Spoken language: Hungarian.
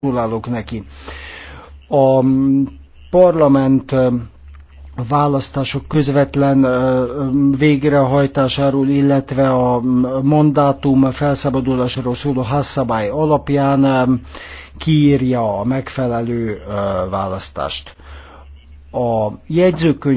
Gratulálok neki. A parlament választások közvetlen végrehajtásáról, illetve a mandátum felszabadulásról szóló házszabály alapján kiírja a megfelelő választást. A jegyzőkönyv